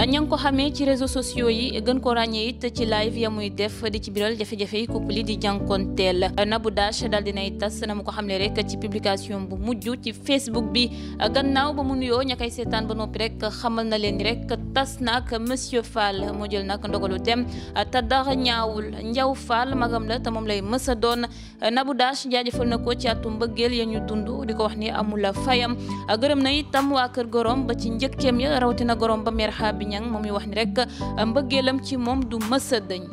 ña ngi ko xamee ci réseaux sociaux yi gën ko ràññee it ci live ya muy def di ci biral jafe-jafe yi couple di jànkonteel Nabou Dash daal dinay tas na mu ko xamle rek ci publication bu mujj ci Facebook bi gannaaw ba mu ba noppi rek xamal na leen rek tas na ak monsieur Fall moo jël nag ndogalu dem te dara ñaawul Njaw Fall magam la te moom lay mës a doon Nabou Dash jaajëfal na ko ci atu mbëggeel ya ñu dund di ko wax ni amula fayam gërëm na itam waa kër gorom ba ci njëkkeem ya rawatina gorom ba mer Niang moom ñu wax ni rek mbëggeelam ci moom du mës a dëñ